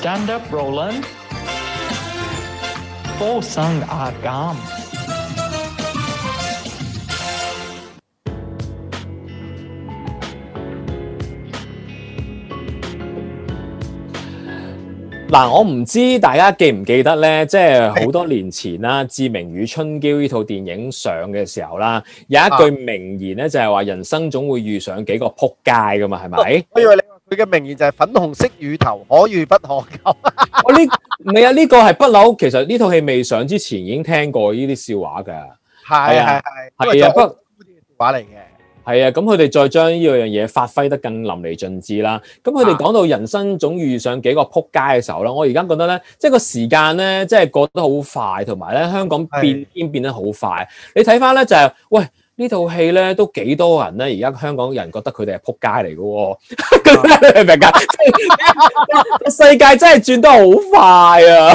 Stand up, Roland。For sung our gam。嗱，我唔知大家記唔記得咧，即係好多年前啦，《志明與春嬌》呢套電影上嘅時候啦，um yes. 哈哈一一 hmm、有一句名言咧，就係話人生總會遇上幾個仆街噶嘛，係咪？佢嘅名言就係粉紅色乳頭，可遇不可求。 我呢？唔係啊，呢、這個係不嬲。其實呢套戲未上之前，已經聽過呢啲笑話嘅。係係係。係啊，不過、啊啊啊、笑話嚟嘅。係啊，咁佢哋再將呢樣嘢發揮得更淋漓盡致啦。咁佢哋講到人生總遇上幾個仆街嘅時候啦。我而家覺得咧，即、就、係、是、個時間咧，即係過得好快，同埋咧，香港變天是變，變得好快。你睇翻咧就是、喂。呢套戲咧都幾多人咧？而家香港人覺得佢哋係撲街嚟嘅喎，明唔明？世界真係轉得好快啊！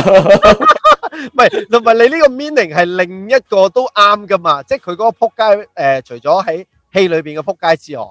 唔係，同埋你呢個 meaning 係另一個都啱㗎嘛，即係佢嗰個撲街誒、呃，除咗喺戲裏邊嘅撲街之外。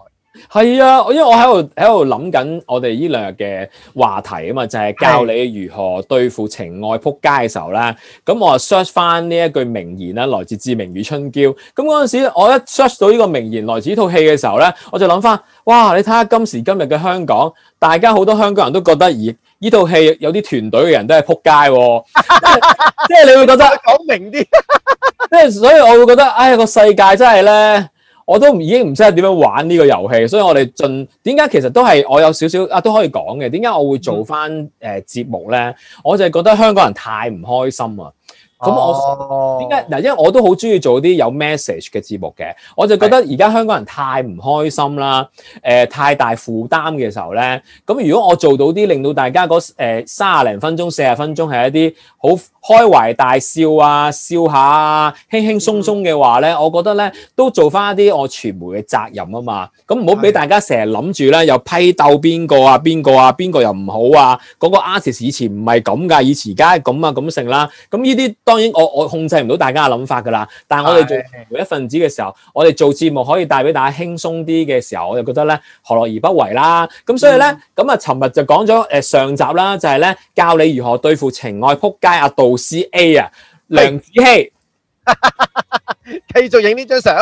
係啊，因為我喺度喺度諗緊我哋呢兩日嘅話題啊嘛，就係、是、教你如何對付情愛扑街嘅時候咧。咁我啊 search 翻呢一句名言啦，來自《志明與春嬌》。咁嗰陣時，我一 search 到呢個名言來自呢套戲嘅時候咧，我就諗翻，哇！你睇下今時今日嘅香港，大家好多香港人都覺得咦，呢套戲有啲團隊嘅人都係扑街、啊， 即係你會覺得講明啲，即係 所以我會覺得，唉，這個世界真係咧。我都唔已經唔識點樣玩呢個遊戲，所以我哋盡點解其實都係我有少少、啊、都可以講嘅，點解我會做翻誒、呃、節目呢？我就係覺得香港人太唔開心啊！咁我點解嗱？因為我都好中意做啲有 message 嘅節目嘅，我就覺得而家香港人太唔開心啦，誒、呃、太大負擔嘅時候咧。咁如果我做到啲令到大家嗰誒三十零分鐘、四十分鐘，係一啲好開懷大笑啊、笑下啊、輕輕鬆鬆嘅話咧，我覺得咧都做翻一啲我傳媒嘅責任啊嘛。咁唔好俾大家成日諗住咧，又批鬥邊個啊、邊個啊、邊個、啊、又唔好啊，嗰個 artist 以前唔係咁㗎，以前而家係咁啊咁成啦。咁呢啲當。當然我我控制唔到大家嘅諗法噶啦，但係我哋做一份子嘅時候，的我哋做節目可以帶俾大家輕鬆啲嘅時候，我就覺得咧何樂而不為啦。咁所以咧咁啊，尋日、嗯嗯、就講咗誒上集啦，就係、是、咧教你如何對付情愛仆街阿導師 A 啊梁子希，繼是的 續影呢張相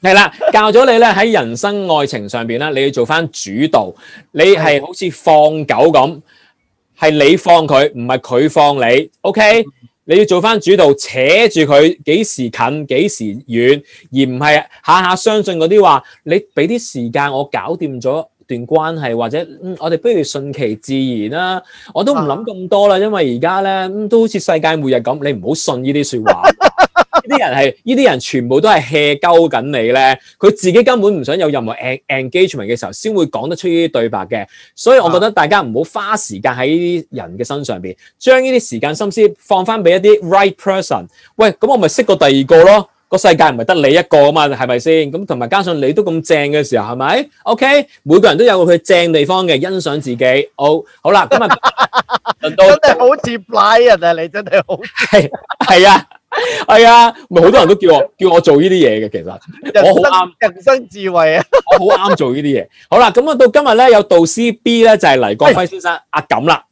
係啦，教咗你咧喺人生愛情上邊咧，你要做翻主導，你係好似放狗咁，係你放佢，唔係佢放你，OK？你要做翻主導，扯住佢幾時近幾時遠，而唔係下下相信嗰啲話。你俾啲時間我搞掂咗段關係，或者，嗯，我哋不如順其自然啦，啊。我都唔諗咁多啦，因為而家咧都好似世界末日咁，你唔好信呢啲説話。 呢啲人係呢啲人全部都係 hea 鳩緊你咧，佢自己根本唔想有任何 eng engagement 嘅時候，先會講得出呢啲對白嘅。所以我覺得大家唔好花時間喺呢啲人嘅身上邊，將呢啲時間心思放翻俾一啲 right person。喂，咁我咪識過第二個咯。個世界唔係得你一個嘛，係咪先？咁同埋加上你都咁正嘅時候，係咪？OK，每個人都有佢正地方嘅，欣賞自己。好，好啦，咁啊輪到。真係好似 fly 人啊！你真係好係係啊！係啊，咪好多人都叫我 叫我做呢啲嘢嘅，其實生我好啱人生智慧啊， 我好啱做呢啲嘢。好啦，咁啊到今日咧，有導師 B 咧就係、是、黎國輝先生阿感啦，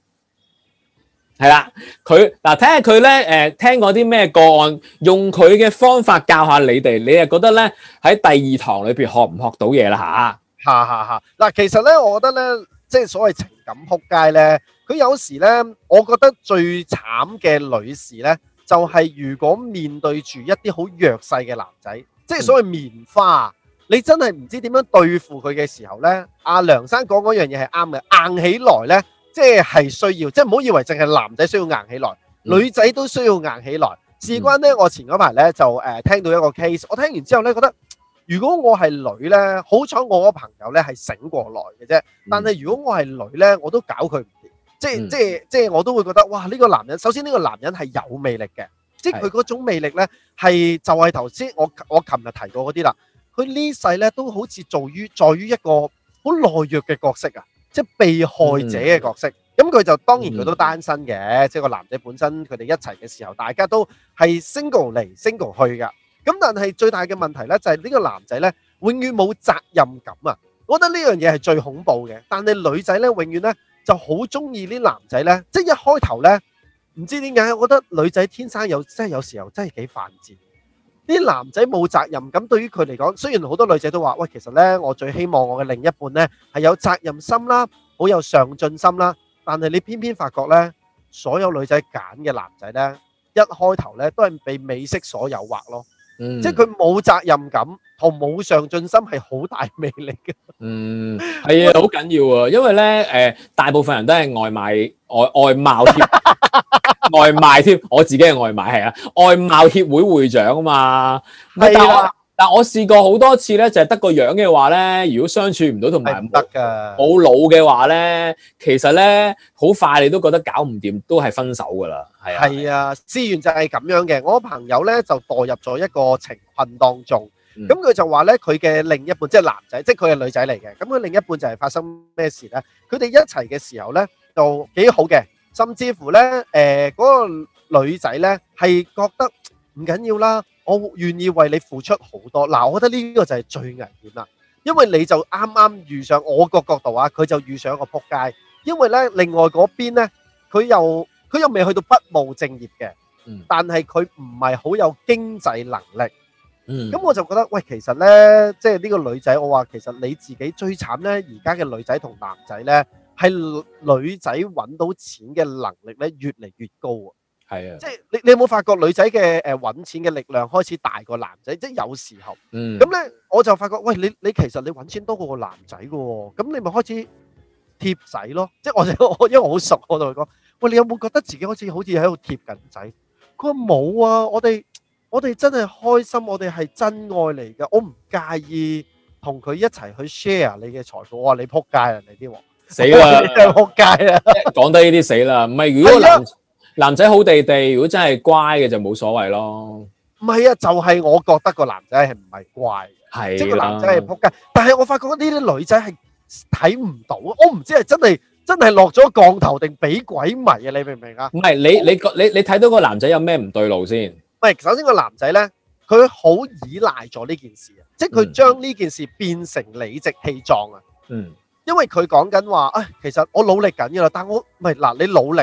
係啦、哎，佢嗱睇下佢咧誒，聽過啲咩個案，用佢嘅方法教下你哋，你又覺得咧喺第二堂裏邊學唔學到嘢啦吓？吓吓吓！嗱， 其實咧，我覺得咧，即、就、係、是、所謂情感仆街咧，佢有時咧，我覺得最慘嘅女士咧。就係如果面對住一啲好弱勢嘅男仔，即係所謂棉花，你真係唔知點樣對付佢嘅時候呢。阿梁生講嗰樣嘢係啱嘅，硬起來呢，即係需要，即係唔好以為淨係男仔需要硬起來，女仔都需要硬起來。事關呢，我前嗰排呢就誒聽到一個 case，我聽完之後呢覺得，如果我係女呢，好彩我個朋友呢係醒過來嘅啫，但係如果我係女呢，我都搞佢唔掂。即係即係即係，就是就是就是、我都會覺得哇！呢、呢個男人，首先呢個男人係有魅力嘅，即係佢嗰種魅力呢，係就係頭先我我琴日提過嗰啲啦。佢呢世呢，都好似做於在於一個好懦弱嘅角色啊，即、就、係、是、被害者嘅角色。咁佢、嗯、就當然佢都單身嘅，即係個男仔本身佢哋一齊嘅時候，大家都係 single 嚟，single 去嘅。咁但係最大嘅問題呢，就係、是、呢個男仔呢，永遠冇責任感啊！我覺得呢樣嘢係最恐怖嘅。但係女仔呢，永遠呢。就好中意啲男仔呢，即係一開頭呢，唔知點解，我覺得女仔天生有，即係有時候真係幾犯賤。啲男仔冇責任，咁對於佢嚟講，雖然好多女仔都話，喂，其實呢，我最希望我嘅另一半呢係有責任心啦，好有上進心啦，但係你偏偏發覺呢，所有女仔揀嘅男仔呢，一開頭呢都係被美色所誘惑咯。嗯，即係佢冇責任感同冇上進心係好大魅力嘅。嗯，係啊，好緊要啊，因為咧，誒、呃，大部分人都係外貌外外貌，外,外,協 外貌添，我自己係外貌係啊，外貌協會會長啊嘛，係啊的。我但係我試過好多次咧，就係得個樣嘅話咧，如果相處唔到同埋唔得㗎，冇腦嘅話咧，其實咧好快你都覺得搞唔掂，都係分手㗎啦，係啊。係啊，試驗就係咁樣嘅。我朋友咧就墮入咗一個情困當中，咁佢就話咧，佢嘅另一半即係男仔，即係佢嘅女仔嚟嘅。咁佢另一半就係發生咩事咧？佢哋一齊嘅時候咧就幾好嘅，甚至乎咧誒嗰個女仔咧係覺得唔緊要啦。我願意為你付出好多，嗱，我覺得呢個就係最危險啦，因為你就啱啱遇上我個角度啊，佢就遇上一個仆街，因為呢，另外嗰邊呢，佢又佢又未去到不務正業嘅，但係佢唔係好有經濟能力，嗯，咁我就覺得喂，其實呢，即係呢個女仔，我話其實你自己最慘呢，而家嘅女仔同男仔呢，係女仔揾到錢嘅能力呢，越嚟越高。係啊，即係你你有冇發覺女仔嘅誒搵錢嘅力量開始大過男仔，即係有時候，嗯，咁咧我就發覺喂你你其實你搵錢多過個男仔噶，咁你咪開始貼仔咯，即係我我因為我好熟，我同佢講，喂你有冇覺得自己好似好似喺度貼緊仔？佢話冇啊，我哋我哋真係開心，我哋係真愛嚟嘅，我唔介意同佢一齊去 share 你嘅財富啊，你仆街啊你啲，死啦，仆街啦，講低呢啲死啦，唔係如果男。男仔好地地，如果真係乖嘅就冇所謂咯。唔係啊，就係我覺得個男仔係唔係乖，即係個男仔係仆街。但係我發覺呢啲女仔係睇唔到，我唔知係真係真係落咗降頭定俾鬼迷啊！你明唔明啊？唔係你你覺你你睇到個男仔有咩唔對路先？唔係，首先個男仔咧，佢好依賴咗呢件事啊，即係佢將呢件事變成理直氣壯啊。嗯，因為佢講緊話啊，其實我努力緊噶啦，但我唔係嗱，你努力。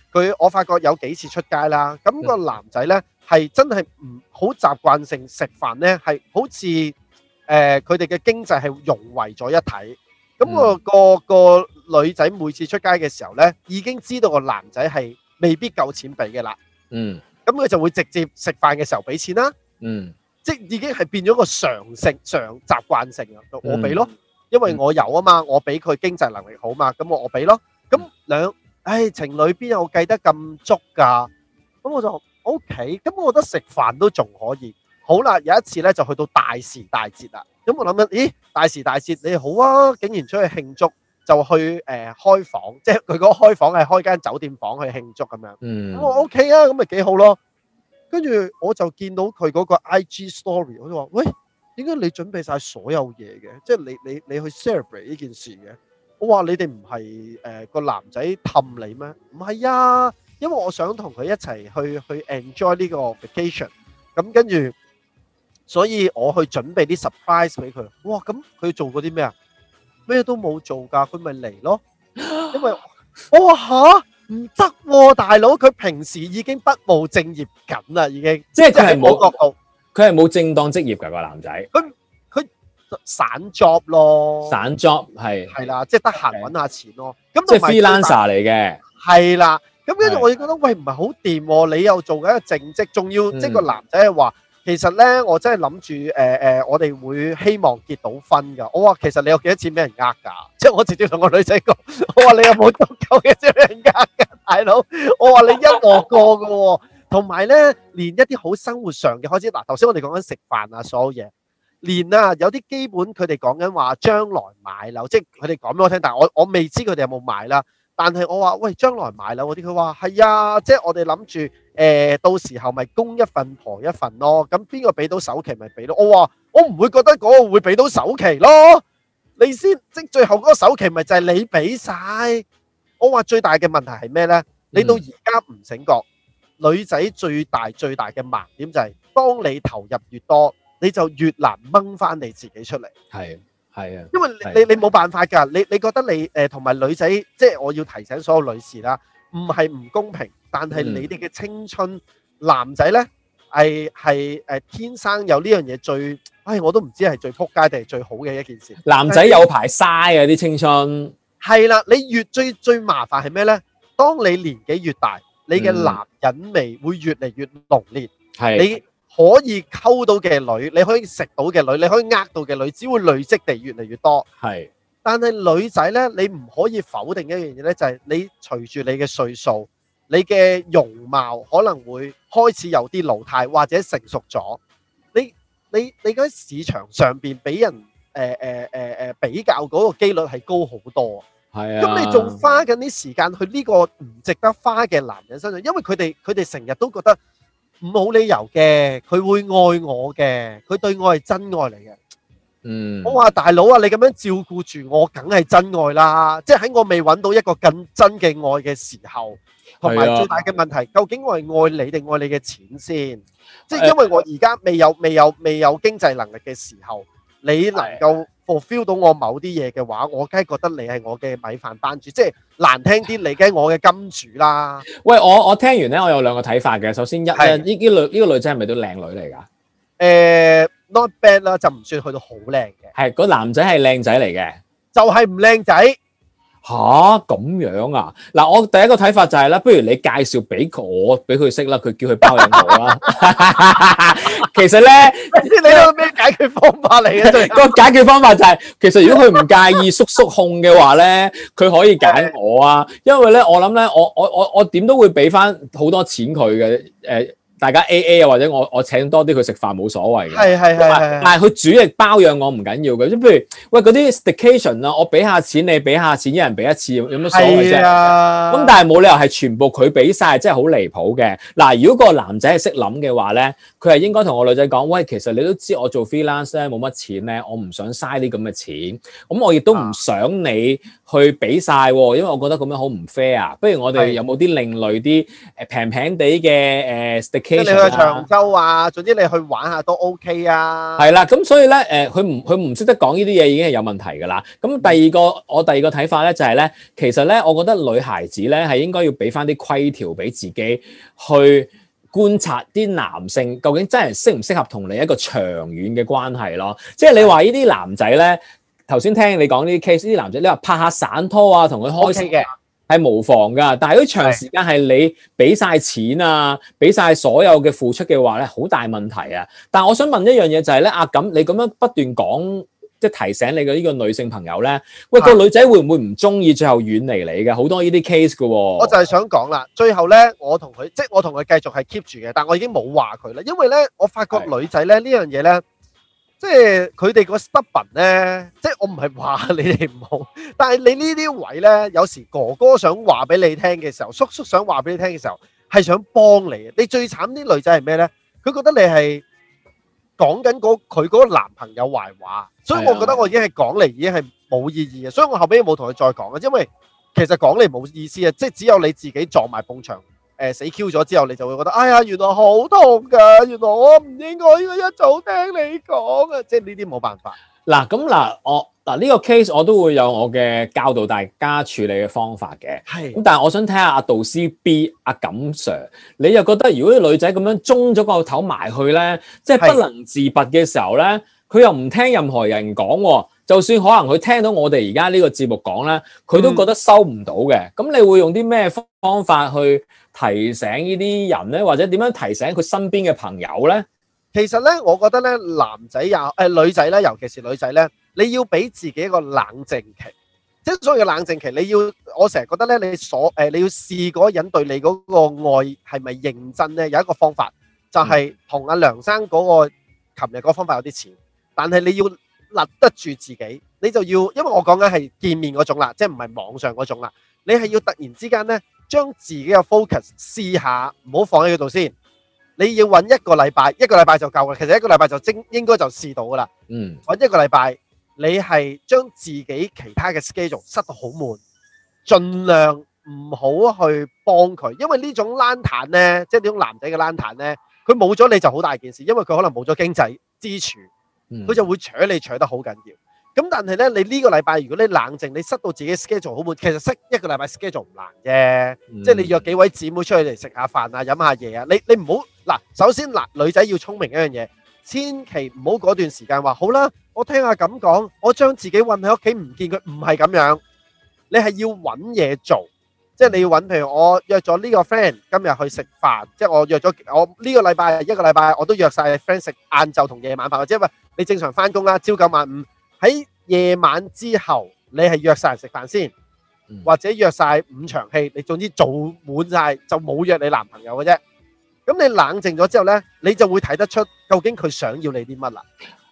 佢我發覺有幾次出街啦，咁、那個男仔呢，係真係唔好習慣性食飯呢，係好似誒佢哋嘅經濟係融為咗一體，咁、那個個個女仔每次出街嘅時候呢，已經知道個男仔係未必夠錢俾嘅啦。嗯，咁佢就會直接食飯嘅時候俾錢啦。嗯，即已經係變咗個常性、常習慣性啊，我俾咯，嗯、因為我有啊嘛，我俾佢經濟能力好嘛，咁我我俾咯，咁兩。兩唉、哎，情侶邊有計得咁足噶？啊，咁我就 O K，咁我覺得食飯都仲可以。好啦，有一次咧就去到大時大節啦。咁我諗緊，咦，大時大節你好啊，竟然出去慶祝，就去誒、呃、開房，即係佢個開房係開間酒店房去慶祝咁樣。嗯，咁我 O、OK、K 啊，咁咪幾好咯。跟住我就見到佢嗰個 I G story，我就話：喂，點解你準備晒所有嘢嘅？即係你你你去 celebrate 呢件事嘅？我話你哋唔係誒，個男仔氹你咩？唔係呀，因為我想同佢一齊去去 enjoy 呢個 vacation。咁跟住，所以我去準備啲 surprise 俾佢。哇！咁佢做過啲咩啊？咩都冇做噶，佢咪嚟咯。因為我話吓唔得，大佬佢平時已經不務正業緊啦，已經即係即係冇角度，佢係冇正當職業噶個男仔。散 job 咯，散 job 係係啦，即係得閒搵下錢咯。咁即係 freelancer 嚟嘅，係啦。咁跟住我亦覺得，喂，唔係好掂。你又做緊一個正職，仲要即係、就是、個男仔係話，嗯、其實咧、呃呃，我真係諗住誒誒，我哋會希望結到婚噶。我話其實你有幾多錢俾人呃噶？即係我直接同個女仔講，我話你有冇足夠嘅錢俾人呃噶，大佬？我話你一鑊過噶。同埋咧，連一啲好生活上嘅開始。嗱，頭先我哋講緊食飯啊，所有嘢。連啊，有啲基本，佢哋講緊話將來買樓，即係佢哋講俾我聽，但係我我未知佢哋有冇買啦。但係我話喂，將來買樓嗰啲，佢話係啊，即係我哋諗住誒，到時候咪供一份婆一份咯。咁邊個俾到首期咪俾到？我話我唔會覺得嗰個會俾到首期咯。你先即最後嗰首期咪就係你俾晒。」我話最大嘅問題係咩呢？你到而家唔醒覺，女仔最大最大嘅盲點就係、是、當你投入越多。你就越難掹翻你自己出嚟，係，係啊，因為你你冇辦法噶，你你覺得你誒同埋女仔，即係我要提醒所有女士啦，唔係唔公平，但係你哋嘅青春，男仔咧係係誒天生有呢樣嘢最，唉我都唔知係最撲街定係最好嘅一件事，男仔有排嘥啊啲青春，係啦，你越追最最麻煩係咩咧？當你年紀越大，你嘅男人味會越嚟越濃烈，係，你。可以溝到嘅女，你可以食到嘅女，你可以呃到嘅女，只會累積地越嚟越多。係是，但係女仔呢，你唔可以否定一樣嘢呢，就係、是、你隨住你嘅歲數，你嘅容貌可能會開始有啲老態或者成熟咗。你你你喺市場上邊俾人誒誒誒比較嗰個機率係高好多。係啊，咁你仲花緊啲時間去呢個唔值得花嘅男人身上，因為佢哋佢哋成日都覺得。冇理由嘅，佢會愛我嘅，佢對我係真愛嚟嘅。嗯，我話大佬啊，你咁樣照顧住我，梗係真愛啦。即係喺我未揾到一個更真嘅愛嘅時候，同埋最大嘅問題，究竟我係愛你定愛你嘅錢先？即係因為我而家未有、未有、未有經濟能力嘅時候。你能夠 fulfill 到我某啲嘢嘅話，我梗係覺得你係我嘅米飯班主，即係難聽啲，你係我嘅金主啦。喂，我我聽完咧，我有兩個睇法嘅。首先一呢呢女呢個女仔係咪都靚女嚟㗎？誒，not bad 啦，就唔算去到好靚嘅。係，嗰男仔係靚仔嚟嘅，就係唔靚仔。嚇？咁樣啊？嗱，我第一個睇法就係啦，不如你介紹俾我俾佢識啦，佢叫佢包養我啦。 其實咧呢，唔知你有咩解決方法嚟嘅？個 解決方法就係、是，其實如果佢唔介意叔叔控嘅話咧，佢 可以揀我啊，因為咧，我諗咧，我我我我點都會俾翻好多錢佢嘅誒。呃大家 A A 啊，或者我我請多啲佢食飯冇所謂，嘅，係係係係。但佢主力包養我唔緊要嘅，即係譬如喂嗰啲 staycation 啊，staycation，我俾下錢，你俾下錢，一人俾一次有乜所謂啫？咁、哎、呀但係冇理由係全部佢俾晒，真係好離譜嘅。嗱，如果個男仔係識諗嘅話咧，佢係應該同個女仔講：喂，其實你都知我做 freelance 咧冇乜錢咧，我唔想嘥啲咁嘅錢。咁我亦都唔想你去俾晒，啊、因為我覺得咁樣好唔 fair 啊。不如我哋有冇啲另類啲誒平平哋嘅誒 staycation？你去長洲啊，總之你去玩下都 OK 啊。係啦，咁所以咧，誒、呃，佢唔佢唔識得講呢啲嘢，已經係有問題噶啦。咁第二個，我第二個睇法咧，就係、是、咧，其實咧，我覺得女孩子咧係應該要俾翻啲規條俾自己去觀察啲男性，究竟真係適唔適合同你一個長遠嘅關係咯。即、就、係、是、你話呢啲男仔咧，頭先的聽你講呢啲 case，呢啲男仔你話拍下散拖啊，同佢開車嘅。Okay 係無妨噶，但係如果長時間係你俾晒錢啊，俾晒所有嘅付出嘅話咧，好大問題啊！但係我想問一樣嘢就係、是、咧，阿、啊、感，你咁樣不斷講，即係提醒你嘅呢個女性朋友咧，喂、個女仔會唔會唔中意，最後遠離你嘅？好多呢啲 case 嘅。我就係想講啦，最後咧，我同佢，即係我同佢繼續係 keep 住嘅，但我已經冇話佢啦，因為咧，我發覺女仔咧呢的樣嘢咧。即係佢哋個 stubborn 咧，即係我唔係話你哋唔好，但係你呢啲位咧，有時哥哥想話俾你聽嘅時候，叔叔想話俾你聽嘅時候，係想幫你嘅。你最慘啲女仔係咩咧？佢覺得你係講緊嗰佢嗰個男朋友壞話，所以我覺得我已經係講嚟已經係冇意義嘅，所以我後尾冇同佢再講啊。因為其實講嚟冇意思啊，即係只有你自己撞埋埲牆。誒、呃、死 Q 咗之後，你就會覺得，哎呀，原來好痛噶，原來我唔應該一早聽你講啊！即係呢啲冇辦法。嗱，咁嗱，我嗱呢、呢個 case 我都會有我嘅教導大家處理嘅方法嘅。係是。咁但係我想睇下阿導師 B 阿、啊、錦 Sir，你又覺得如果啲女仔咁樣中咗個頭埋去咧，即係不能自拔嘅時候咧，佢是又唔聽任何人講喎。就算可能佢聽到我哋而家呢個節目講咧，佢都覺得收唔到嘅。咁你會用啲咩方法去提醒呢啲人咧？或者點樣提醒佢身邊嘅朋友咧？其實咧，我覺得咧，男仔呀誒、呃、女仔咧，尤其是女仔咧，你要俾自己一個冷靜期。即係所謂嘅冷靜期，你要我成日覺得咧，你所誒、呃、你要試嗰人對你嗰個愛係咪認真咧？有一個方法就係同阿梁生嗰、嗰個琴日嗰方法有啲似，但係你要立得住自己，你就要，因為我講緊係見面嗰種啦，即係唔係網上嗰種啦。你係要突然之間呢，將自己嘅 focus 試下，唔好放喺度先。你要揾一個禮拜，一個禮拜就夠啦。其實一個禮拜就精應該就試到噶啦。嗯，揾一個禮拜，你係將自己其他嘅 schedule 塞到好滿，儘量唔好去幫佢，因為種呢種爛攤咧，即係呢種男仔嘅爛攤呢，佢冇咗你就好大件事，因為佢可能冇咗經濟支柱。佢就會搶你搶得好緊要，咁但係咧，你呢個禮拜如果你冷靜，你塞到自己 schedule 好滿，其實塞一個禮拜 schedule 唔難啫，即係、嗯、你約幾位姊妹出去嚟食下飯啊，飲下嘢啊，你你唔好嗱，首先嗱女仔要聰明一樣嘢，千祈唔好嗰段時間話好啦，我聽下咁講，我將自己韞喺屋企唔見佢，唔係咁樣，你係要揾嘢做。即係你要揾，譬如我約咗呢個 friend 今日去食飯，即係我約咗我呢個禮拜一個禮拜我都約晒 friend 食晏晝同夜晚飯，或者喂你正常翻工啦，朝九晚五，喺夜晚之後你係約晒人食飯先，或者約晒五場戲，你總之做滿晒，就冇約你男朋友嘅啫。咁你冷靜咗之後呢，你就會睇得出究竟佢想要你啲乜啦。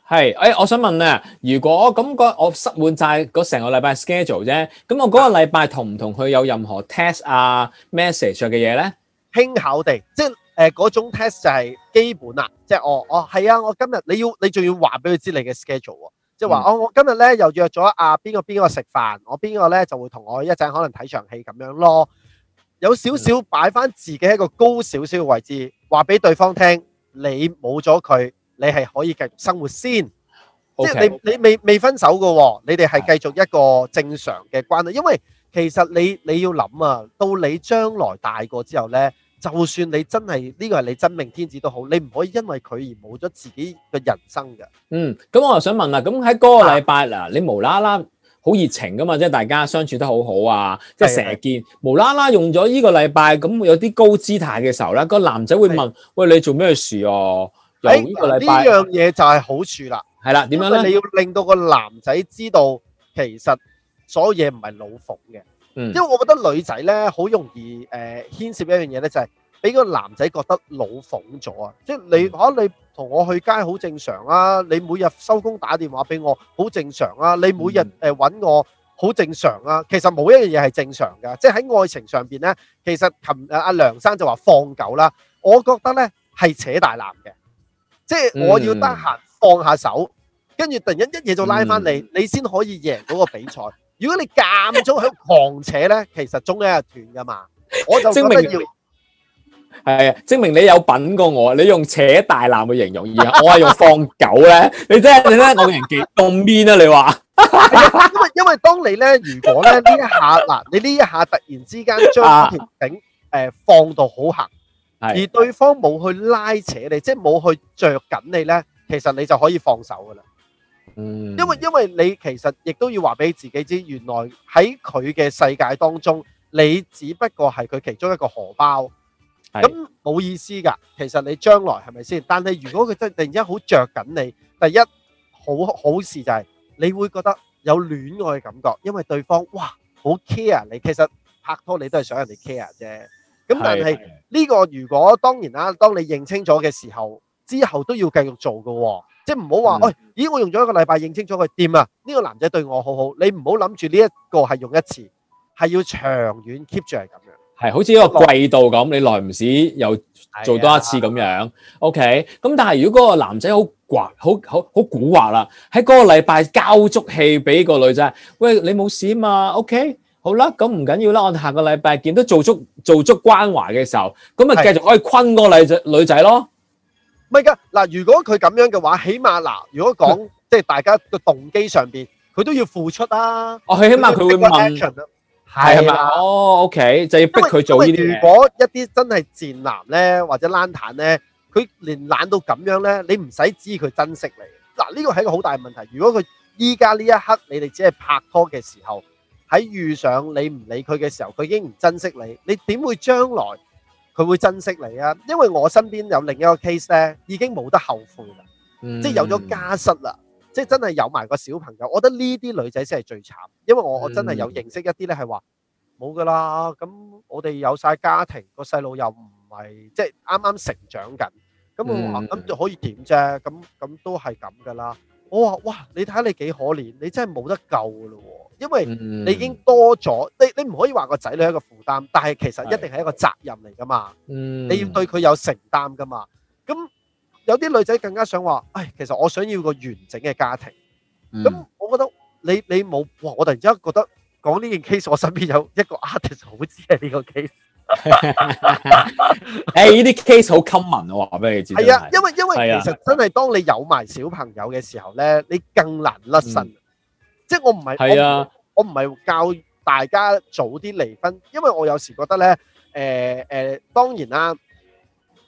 係，哎，我想問啊，如果咁個我塞滿曬嗰成個禮拜 schedule 啫，咁我嗰個禮拜同唔同佢有任何 test 啊 message 嘅嘢咧？輕巧地，即係誒嗰種 test 就係基本啦，即係我我係啊，我今日你要你仲要話俾佢知你嘅 schedule 啊，即係話哦，我今日咧又約咗啊邊個邊個食飯，我邊個咧就會同我一陣可能睇場戲咁樣咯，有少少擺翻自己一個高少少嘅位置，話俾對方聽，你冇咗佢。你係可以繼續生活先，即係你你未未分手㗎喎，你哋係繼續一個正常嘅關係。因為其實你你要諗啊，到你將來大個之後咧，就算你真係呢個係你真命天子都好，你唔可以因為佢而冇咗自己嘅人生㗎。嗯，咁我又想問啦，咁喺嗰個禮拜嗱，你無啦啦好熱情㗎嘛，即係大家相處得好好啊，即係成日見，無啦啦用咗呢個禮拜，咁會有啲高姿態嘅時候咧，個男仔會問：喂，你做咩事啊？呢樣嘢就係好處啦，係啦，點樣咧？你要令到個男仔知道，其實所有嘢唔係老馮嘅，嗯、因為我覺得女仔咧好容易誒牽涉一樣嘢咧，就係俾個男仔覺得老馮咗啊！即係、嗯、你，可能你同我去街好正常啊，你每日收工打電話俾我好正常啊，你每日誒搵我好正常啊，其實冇一樣嘢係正常嘅，即係喺愛情上邊咧，其實琴日阿梁生就話放狗啦，我覺得咧係扯大纜嘅。即係我要得閒放下手，跟住突然一嘢就拉翻你，嗯、你先可以贏嗰個比賽。如果你間中喺度狂扯咧，其實中咧係斷噶嘛。我就證明要係啊，證明你有品過我。你用扯大纜去形容，而我係用放狗咧。你真係你咧，我唔見咁 mean 啊！你話 因為因為當你咧，如果咧呢一下嗱、啊，你呢一下突然之間將條頂誒放到好行。而對方冇去拉扯你，即係冇去着緊你呢，其實你就可以放手噶啦。嗯，因為因為你其實亦都要話俾自己知，原來喺佢嘅世界當中，你只不過係佢其中一個荷包，咁冇、嗯、意思噶。其實你將來係咪先？但係如果佢真突然之間好着緊你，第一好好事就係、是、你會覺得有戀愛嘅感覺，因為對方哇好 care 你，其實拍拖你都係想人哋 care 啫。咁但係呢個如果當然啦，當你認清楚嘅時候，之後都要繼續做嘅喎，即係唔好話，喂，咦，我用咗一個禮拜認清楚佢掂啊，呢個男仔對我好好，你唔好諗住呢一個係用一次，係要長遠 keep 住係咁樣，係好似一個季度咁，你耐唔時又做多一次咁樣係啊，OK。咁但係如果嗰個男仔好滑，好好好古惑啦，喺嗰個禮拜交足氣俾個女仔，喂，你冇事啊嘛，OK。好啦，咁唔緊要啦，我哋下個禮拜見到做足做足關懷嘅時候，咁咪繼續可以坤個女仔女仔咯。唔係噶。嗱，如果佢咁樣嘅話，起碼嗱，如果講即係大家個動機上邊，佢都要付出啦。哦，佢起碼佢會問。係咪，哦，OK，就要逼佢做呢啲嘢。如果一啲真係賤男咧，或者冷淡咧，佢連懶到咁樣咧，你唔使知佢珍惜你。嗱，呢個係一個好大問題。如果佢依家呢一刻，你哋只係拍拖嘅時候。喺遇上你唔理佢嘅時候，佢已經唔珍惜你，你點會將來佢會珍惜你啊？因為我身邊有另一個 case 咧，已經冇得後悔啦、嗯，即係有咗家室啦，即係真係有埋個小朋友。我覺得呢啲女仔先係最慘，因為我我真係有認識一啲咧，係話冇㗎啦。咁、嗯、我哋有晒家庭，那個細路又唔係即係啱啱成長緊，咁我話咁可以點啫？咁咁都係咁㗎啦。我話：哇！你睇下你幾可憐，你真係冇得救噶咯喎，因為你已經多咗、嗯，你你唔可以話個仔女係一個負擔，但係其實一定係一個責任嚟噶嘛。嗯，你要對佢有承擔噶嘛。咁有啲女仔更加想話：唉、哎，其實我想要個完整嘅家庭。咁、嗯、我覺得你你冇哇！我突然之間覺得講呢件 case，我身邊有一個 artist 好似係呢個 case。誒，呢啲 case 好 common，我話俾你知係啊，因為因為其實真係當你有埋小朋友嘅時候咧，你更難甩身。即係我唔係我我唔係教大家早啲離婚，因為我有時覺得咧誒誒，當然啦，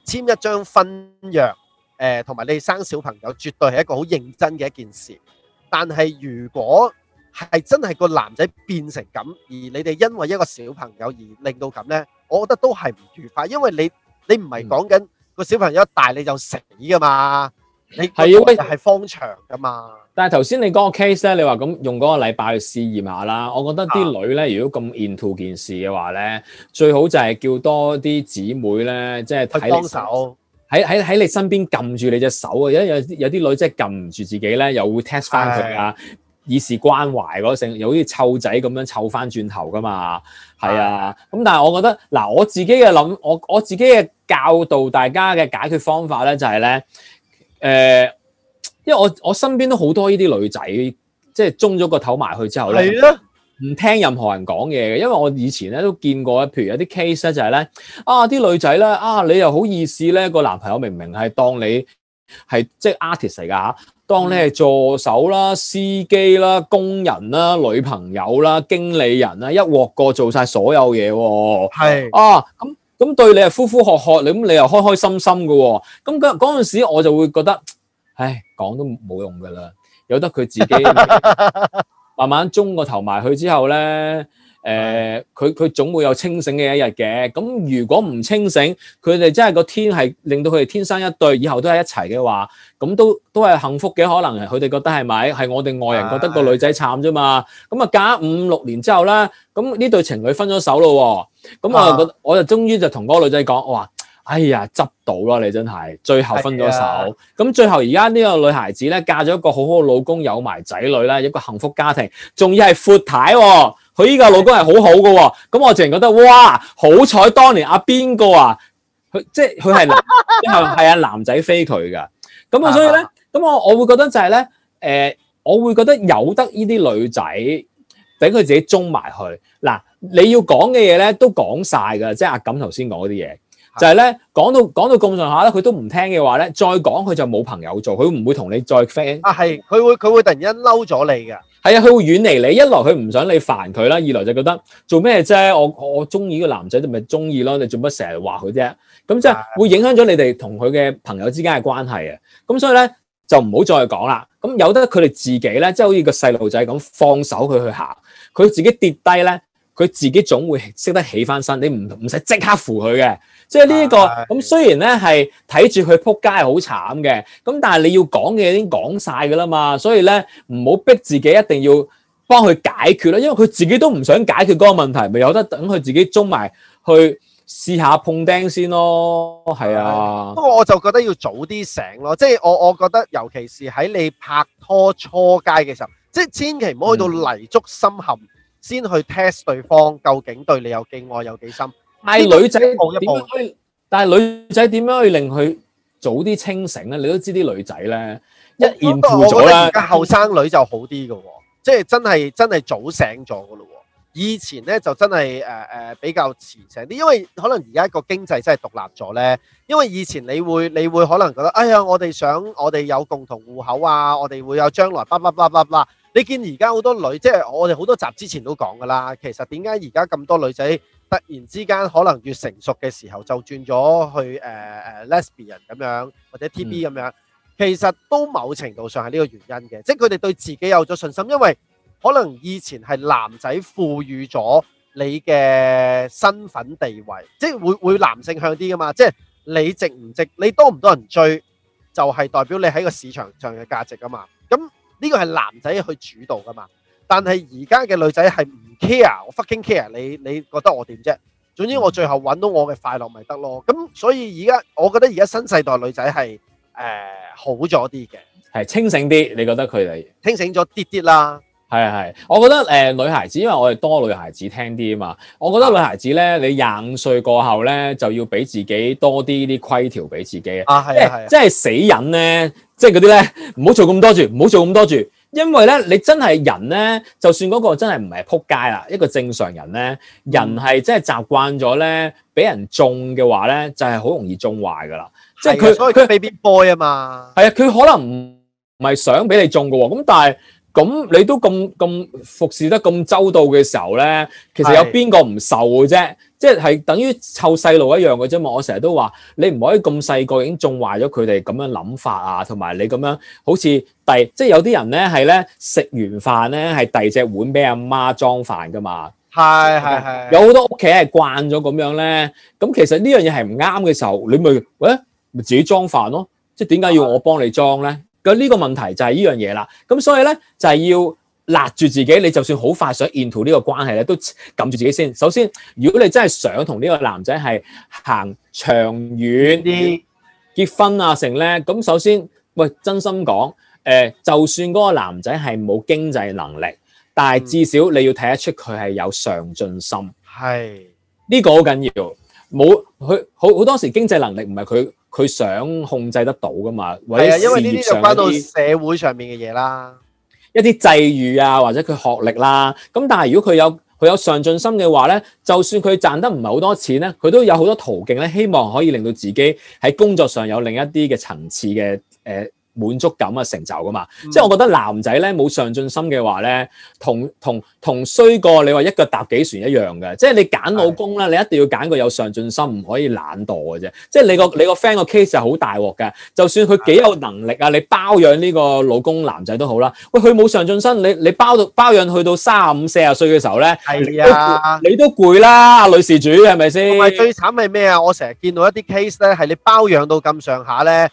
簽一張婚約誒，同埋你生小朋友絕對係一個好認真嘅一件事。但係如果係真係個男仔變成咁，而你哋因為一個小朋友而令到咁咧。我覺得都係唔愉快，因為你你唔係講緊個小朋友一大你就死噶嘛，嗯、你係要係方長噶嘛。但係頭先你講個 case 咧，你話咁用嗰個禮拜去試驗下啦。我覺得啲女咧，如果咁 into 件事嘅話咧，啊、最好就係叫多啲姊妹咧，即係睇幫手，喺喺喺你身邊撳住你隻手啊！有，有有啲女真係撳唔住自己咧，又會 test 翻佢是啊。以示關懷嗰性，又好似湊仔咁樣湊翻轉頭㗎嘛，係啊。咁、嗯、但係我覺得嗱，我自己嘅諗，我我自己嘅教導大家嘅解決方法咧，就係、是、咧，誒、呃，因為我我身邊都好多呢啲女仔，即係中咗個頭埋去之後咧，唔、啊、聽任何人講嘢嘅。因為我以前咧都見過，譬如有啲 case 咧就係、是、咧，啊啲女仔咧，啊你又好意思咧，個男朋友明明係當你係即係 artist 嚟㗎嚇。當你係助手啦、司機啦、工人啦、女朋友啦、經理人啦，一鑊過做晒所有嘢喎。啊，咁咁是、啊、對你係呼呼喝喝，你咁你又開開心心嘅喎。咁嗰嗰時我就會覺得，唉，講都冇用嘅啦，由得佢自己 慢慢中個頭埋去之後咧。誒佢佢總會有清醒嘅一日嘅，咁如果唔清醒，佢哋真係個天係令到佢哋天生一對，以後都喺一齊嘅話，咁都都係幸福嘅，可能佢哋覺得係咪？係我哋外人覺得個女仔慘啫嘛。咁啊、哎呀，嫁五六年之後咧，咁呢對情侶分咗手咯。咁啊，我就終於就同嗰個女仔講，我話：哎呀，執到啦，你真係，最後分咗手。咁、哎、呀最後而家呢個女孩子咧，嫁咗一個好好老公，有埋仔女咧，一個幸福家庭，仲要係闊太喎、啊。佢依個老公係好好嘅、哦，咁我淨係覺得哇，好彩當年阿邊、啊、個啊，佢即係佢係男係阿男仔飛佢㗎，咁啊，所以咧，咁我我會覺得就係、是、咧，誒、呃，我會覺得有得呢啲女仔俾佢自己中埋去嗱，你要講嘅嘢咧都講晒㗎，即係阿感頭先講嗰啲嘢。就係咧，講到講到咁上下咧，佢都唔聽嘅話咧，再講佢就冇朋友做，佢唔會同你再 friend。啊，係，佢會佢會突然間嬲咗你㗎。係啊，佢會遠離你，一來佢唔想你煩佢啦，二來就覺得做咩啫？我我中意個男仔，就是，你咪中意咯，你做乜成日話佢啫？咁即係會影響咗你哋同佢嘅朋友之間嘅關係啊。咁所以咧就唔好再講啦。咁由得佢哋自己咧，即、就、係、是、好似個細路仔咁放手佢去行，佢自己跌低咧。佢自己總會識得起返身，你唔唔使即刻扶佢嘅，即係呢一個咁。的雖然咧係睇住佢撲街係好慘嘅，咁但係你要講嘅已經講晒㗎喇嘛，所以咧唔好逼自己一定要幫佢解決啦，因為佢自己都唔想解決嗰個問題，咪有得等佢自己捉埋去試下碰釘先咯，係啊。不過我就覺得要早啲醒咯，即係我我覺得，尤其是喺你拍拖初階嘅時候，即係千祈唔好去到泥足深陷、嗯。先去 test 對方究竟對你有幾愛有幾深。但係女仔點樣可以？但係女仔點樣可以令佢早啲清醒咧？你都知啲女仔咧一言到咗啦。而家後生女就好啲嘅，嗯、即係真係真係早醒咗嘅咯。以前咧就真係誒誒比較遲醒啲，因為可能而家個經濟真係獨立咗咧。因為以前你會你會可能覺得哎呀，我哋想我哋有共同戶口啊，我哋會有將來。Blah blah blah blah, 你見而家好多女，即係我哋好多集之前都講噶啦。其實點解而家咁多女仔突然之間可能越成熟嘅時候，就轉咗去誒誒 lesbian 咁樣，或者 TB 咁樣，其實都某程度上係呢個原因嘅。即係佢哋對自己有咗信心，因為可能以前係男仔賦予咗你嘅身份地位，即係會會男性向啲噶嘛。即係你值唔值，你多唔多人追，就係代表你喺個市場上嘅價值噶嘛。咁呢個係男仔去主導㗎嘛，但係而家嘅女仔係唔 care，我 fucking care，你你覺得我點啫？總之我最後揾到我嘅快樂咪得囉。咁所以而家我覺得而家新世代女仔係誒好咗啲嘅，係清醒啲。你覺得佢哋清醒咗啲啲啦。係係，我覺得誒女孩子，因為我哋多女孩子聽啲啊嘛。我覺得女孩子咧，你廿五歲過後咧，就要俾自己多啲啲規條俾自己啊。啊係啊係，即係死人咧，即係嗰啲咧，唔好做咁多住，唔好做咁多住。因為咧，你真係人咧，就算嗰個真係唔係仆街啦，一個正常人咧，人係真係習慣咗咧，俾人縱嘅話咧，就係好容易縱壞噶啦。即係佢，所以佢 baby boy 啊嘛。係啊，佢可能唔係想俾你縱噶喎，咁但係。咁你都咁咁服侍得咁周到嘅時候咧，其實有邊個唔受嘅啫？即係係等於湊細路一樣嘅啫嘛。我成日都話你唔可以咁細個已經縱壞咗佢哋咁樣諗法啊，同埋你咁樣好似第即係有啲人咧係咧食完飯咧係遞隻碗俾阿媽裝飯㗎嘛。係係係。有好多屋企係慣咗咁樣咧，咁其實呢樣嘢係唔啱嘅時候，你咪喂咪自己裝飯咯。即係點解要我幫你裝咧？有呢個問題就係呢樣嘢啦，咁所以咧就係、是、要勒住自己，你就算好快想 into 呢個關係咧，都撳住自己先。首先，如果你真係想同呢個男仔係行長遠啲結婚啊成咧，咁首先喂，真心講，誒、呃，就算嗰個男仔係冇經濟能力，但係至少你要睇得出佢係有上進心。係、嗯，呢個好緊要，冇佢好好多時經濟能力唔係佢。佢想控制得到㗎嘛？或者事業上一啲，因為呢啲就關到社會上面嘅嘢啦，一啲際遇啊，或者佢學歷啦、啊。咁但係如果佢有佢有上進心嘅話咧，就算佢賺得唔係好多錢咧，佢都有好多途徑咧，希望可以令到自己喺工作上有另一啲嘅層次嘅誒。呃滿足感啊，成就㗎嘛，嗯、即係我覺得男仔咧冇上進心嘅話咧，同同同衰過你話一腳踏幾船一樣嘅，即係你揀老公咧，是的 你一定要揀個有上進心，唔可以懶惰嘅啫。是的 即係你個你個 friend 個 case 係好大鑊㗎，就算佢幾有能力啊，是的 你包養呢個老公男仔都好啦。喂，佢冇上進心，你你包到包養去到三五四十歲嘅時候咧，係啊的，你都攰啦，女事主係咪先？唔係最慘係咩啊？我成日見到一啲 case 咧，係你包養到咁上下咧。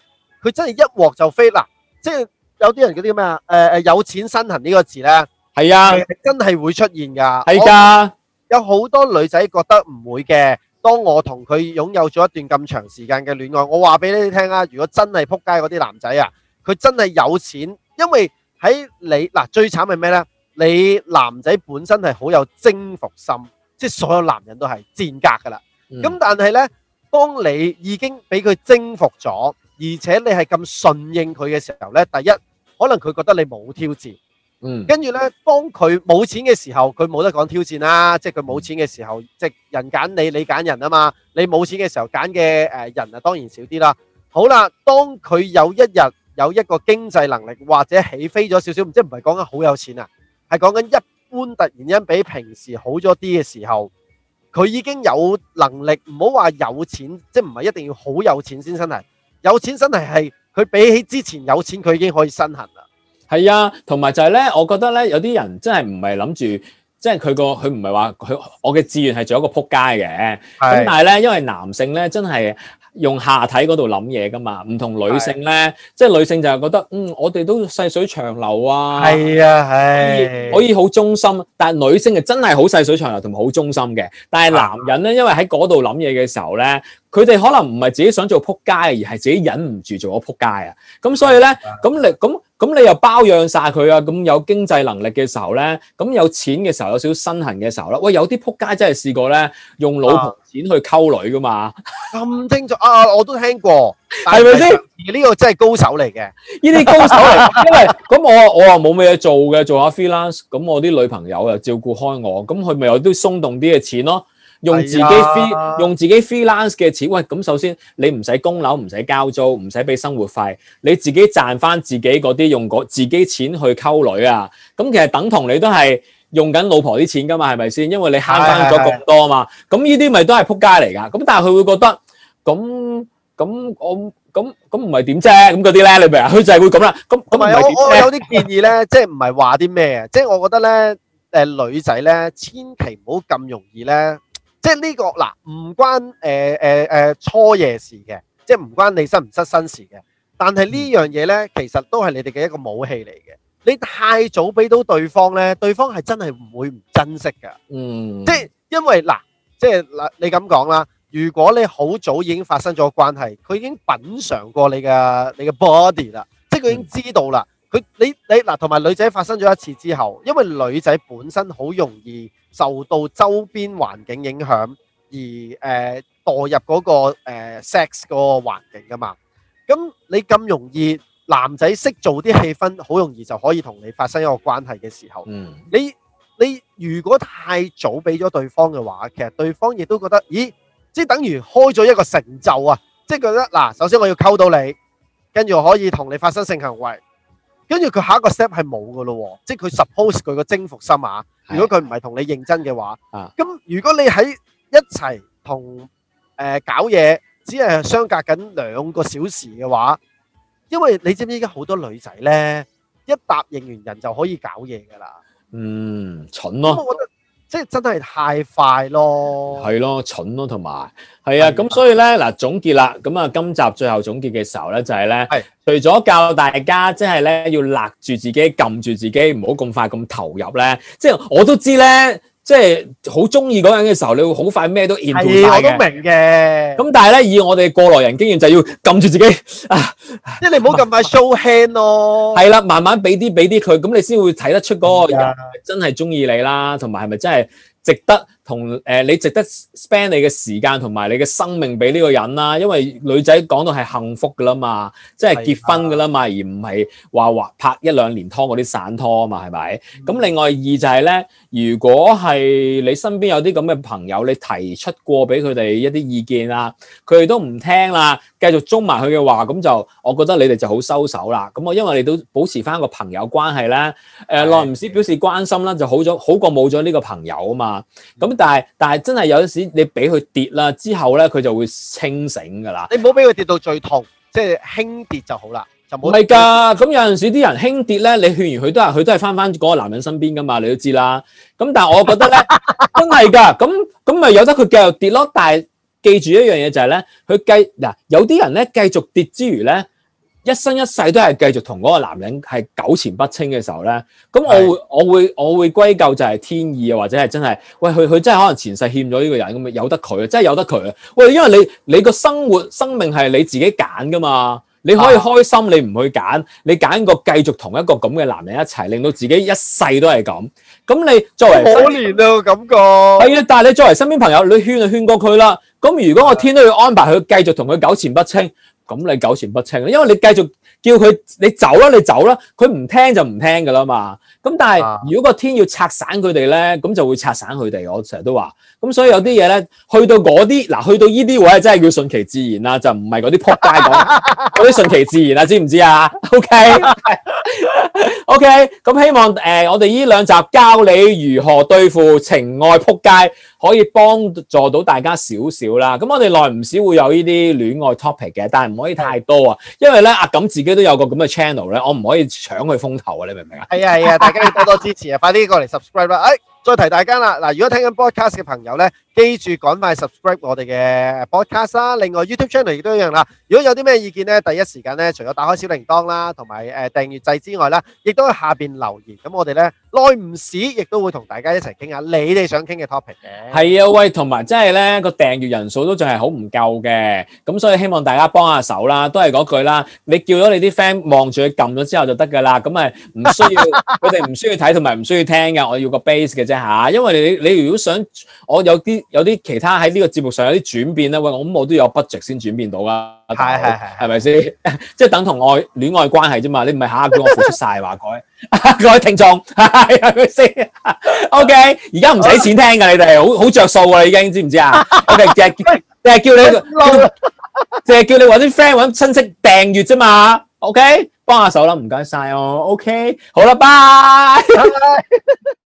佢真係一鑊就飛嗱，即係有啲人嗰啲咩啊？誒誒，有錢身痕呢個字咧，係啊，真係會出現㗎，係㗎。有好多女仔覺得唔會嘅。當我同佢擁有咗一段咁長時間嘅戀愛，我話俾你聽啊，如果真係撲街嗰啲男仔啊，佢真係有錢，因為喺你嗱最慘係咩咧？你男仔本身係好有征服心，即係所有男人都係賤格㗎啦。咁但係咧，當你已經俾佢征服咗。而且你係咁順應佢嘅時候咧，第一可能佢覺得你冇挑戰，嗯，跟住咧當佢冇錢嘅時候，佢冇得講挑戰啦，即係佢冇錢嘅時候，即係人揀你，你揀人啊嘛。你冇錢嘅時候揀嘅誒人啊，當然少啲啦。好啦，當佢有一日有一個經濟能力或者起飛咗少少，即係唔係講緊好有錢啊，係講緊一般突然間比平時好咗啲嘅時候，佢已經有能力，唔好話有錢，即係唔係一定要好有錢先生係。有錢真係係，佢比起之前有錢，佢已經可以身痕啦。係啊，同埋就係、是、咧，我覺得咧，有啲人真係唔係諗住。即係佢個佢唔係話佢我嘅志願係做一個仆街嘅，咁是的 但係咧，因為男性咧真係用下體嗰度諗嘢㗎嘛，唔同女性咧，是的 即係女性就係覺得，嗯，我哋都細水長流啊，係啊，係，可以好忠心，但係女性就真係好細水長流同埋好忠心嘅，但係男人咧，是的 因為喺嗰度諗嘢嘅時候咧，佢哋可能唔係自己想做仆街，而係自己忍唔住做咗仆街啊，咁所以咧咁嚟咁。是的 咁你又包養晒佢啊？咁有經濟能力嘅時候咧，咁有錢嘅時候，有少少身痕嘅時候咧，喂，有啲仆街真係試過咧，用老婆錢去溝女噶嘛？咁清楚啊？我都聽過，係咪先？而呢個真係高手嚟嘅，呢啲高手嚟， 因為咁我我又冇咩嘢做嘅，做下 freelance，咁我啲女朋友又照顧開我，咁佢咪有啲鬆動啲嘅錢咯。用自己 free 用自己 freelance 嘅錢，喂，咁首先你唔使供樓，唔使交租，唔使俾生活費，你自己賺翻自己嗰啲用嗰自己錢去溝女啊。咁其實等同你都係用緊老婆啲錢㗎嘛，係咪先？因為你慳翻咗咁多啊嘛。咁呢啲咪都係仆街嚟㗎。咁但係佢會覺得咁咁，我咁咁唔係點啫？咁嗰啲咧，你明啊？佢就係會咁啦。咁唔係我我有啲建議咧，即係唔係話啲咩啊？即係我覺得咧，誒女仔咧，千祈唔好咁容易咧。即係呢個嗱，唔關誒誒誒初夜事嘅，即係唔關你失唔失身事嘅。但係呢樣嘢咧，其實都係你哋嘅一個武器嚟嘅。你太早俾到對方咧，對方係真係唔會唔珍惜㗎。嗯，即係因為嗱，即係嗱，你咁講啦，如果你好早已經發生咗關係，佢已經品嚐過你嘅你嘅 body 啦，即係佢已經知道啦。嗯佢你你嗱，同埋女仔發生咗一次之後，因為女仔本身好容易受到周邊環境影響，而誒墮入嗰個誒 sex 嗰個環境㗎嘛。咁你咁容易男仔識做啲氣氛，好容易就可以同你發生一個關係嘅時候，嗯，你你如果太早俾咗對方嘅話，其實對方亦都覺得，咦，即係等於開咗一個成就啊，即係覺得嗱，首先我要溝到你，跟住我可以同你發生性行為。跟住佢下一個 step 係冇噶咯，即係佢 suppose 佢個征服心啊！如果佢唔係同你認真嘅話，咁的如果你喺一齊同誒搞嘢，只係相隔緊兩個小時嘅話，因為你知唔知而家好多女仔咧，一答應完人就可以搞嘢噶啦，嗯，蠢咯、啊。即係真係太快咯，係咯，蠢咯，同埋係啊，咁所以咧嗱，總結啦，咁啊，今集最後總結嘅時候咧，就係咧，係除咗教大家即係咧，要勒住自己，撳住自己，唔好咁快咁投入咧，即係我都知咧。即係好中意嗰個人嘅時候，你會好快咩都完到，曬嘅。係，我都明嘅。咁但係咧，以我哋過來人經驗，就要撳住自己啊，即係你唔好咁快 show hand 咯、哦。係啦，慢慢俾啲俾啲佢，咁你先會睇得出嗰個人真係中意你啦，同埋係咪真係值得。同誒、呃、你值得 spend 你嘅時間同埋你嘅生命俾呢個人啦、啊，因為女仔講到係幸福㗎啦嘛，即係結婚㗎啦嘛，的而唔係話話拍一兩年拖嗰啲散拖啊嘛，係咪？咁、嗯、另外二就係咧，如果係你身邊有啲咁嘅朋友，你提出過俾佢哋一啲意見啦、啊，佢哋都唔聽啦，繼續縱埋佢嘅話，咁就我覺得你哋就好收手啦。咁、嗯、我因為你都保持返個朋友關係咧，誒耐唔時表示關心啦，就好咗，好過冇咗呢個朋友啊嘛，咁、嗯。嗯但係但係真係有陣時你俾佢跌啦，之後咧佢就會清醒噶啦。你唔好俾佢跌到最痛，即係輕跌就好啦，就冇係㗎。咁有陣時啲人輕跌咧，你勸完佢都係佢都係翻翻嗰個男人身邊㗎嘛，你都知啦。咁但係我覺得咧，真係㗎。咁咁咪有得佢繼續跌咯。但係記住一樣嘢就係咧，佢繼嗱，有啲人咧繼續跌之餘咧。一生一世都係繼續同嗰個男人係糾纏不清嘅時候咧，咁我會是的 我會我會歸咎就係天意啊，或者係真係喂佢佢真係可能前世欠咗呢個人咁啊，由得佢真係由得佢啊！喂，因為你你個生活生命係你自己揀㗎嘛，你可以開心你唔去揀，你揀個繼續同一個咁嘅男人一齊，令到自己一世都係咁。咁你作為可憐啊感覺係啊，但係你作為身邊朋友，你勸就勸過佢啦。咁如果我天都要安排佢繼續同佢糾纏不清。咁你糾纏不清，因為你繼續叫佢你走啦，你走啦，啊，佢唔、啊、聽就唔聽嘅啦嘛。咁但係如果個天要拆散佢哋咧，咁就會拆散佢哋。我成日都話，咁所以有啲嘢咧，去到嗰啲嗱，去到呢啲位真係要順其自然啦，就唔係嗰啲仆街講嗰啲順其自然啦，知唔知啊？OK OK，咁希望誒、呃、我哋呢兩集教你如何對付情愛仆街。可以幫助到大家少少啦，咁我哋耐唔少會有呢啲戀愛 topic 嘅，但係唔可以太多啊，因為咧阿感自己都有個咁嘅 channel 咧，我唔可以搶佢風頭啊，你明唔明啊？係啊係啊，大家要多多支持啊，快啲過嚟 subscribe 啦！誒，哈哈哈哈哈哈再提大家啦，嗱，如果聽緊 podcast a 嘅朋友咧。記住，趕快 subscribe 我哋嘅 podcast 啦。另外 YouTube channel 亦都一樣啦。如果有啲咩意見咧，第一時間咧，除咗打開小鈴鐺啦，同埋誒訂閱掣之外咧，亦都喺下邊留言。咁我哋咧耐唔時亦都會同大家一齊傾下你哋想傾嘅 topic 嘅。係啊，喂，同埋真係咧個訂閱人數都仲係好唔夠嘅。咁所以希望大家幫下手啦，都係嗰句啦。你叫咗你啲 friend 望住去撳咗之後就得噶啦。咁啊唔需要佢哋唔需要睇，同埋唔需要聽噶。我要個 base 嘅啫吓，因為你你如果想我有啲。有啲其他喺呢個節目上有啲轉變咧，喂，我咁我都有 budget 先轉變到啦，係係係，係咪先？即係等同愛戀愛關係啫嘛，你唔係下叫我付出晒話改，各位聽眾係咪先？OK，而家唔使錢聽噶，你哋好好着數啦，已經知唔知啊？我哋淨係叫你，淨係叫你搵啲 friend 搵親戚訂閱啫嘛，OK，幫下手啦，唔該晒哦，OK，好啦，拜拜。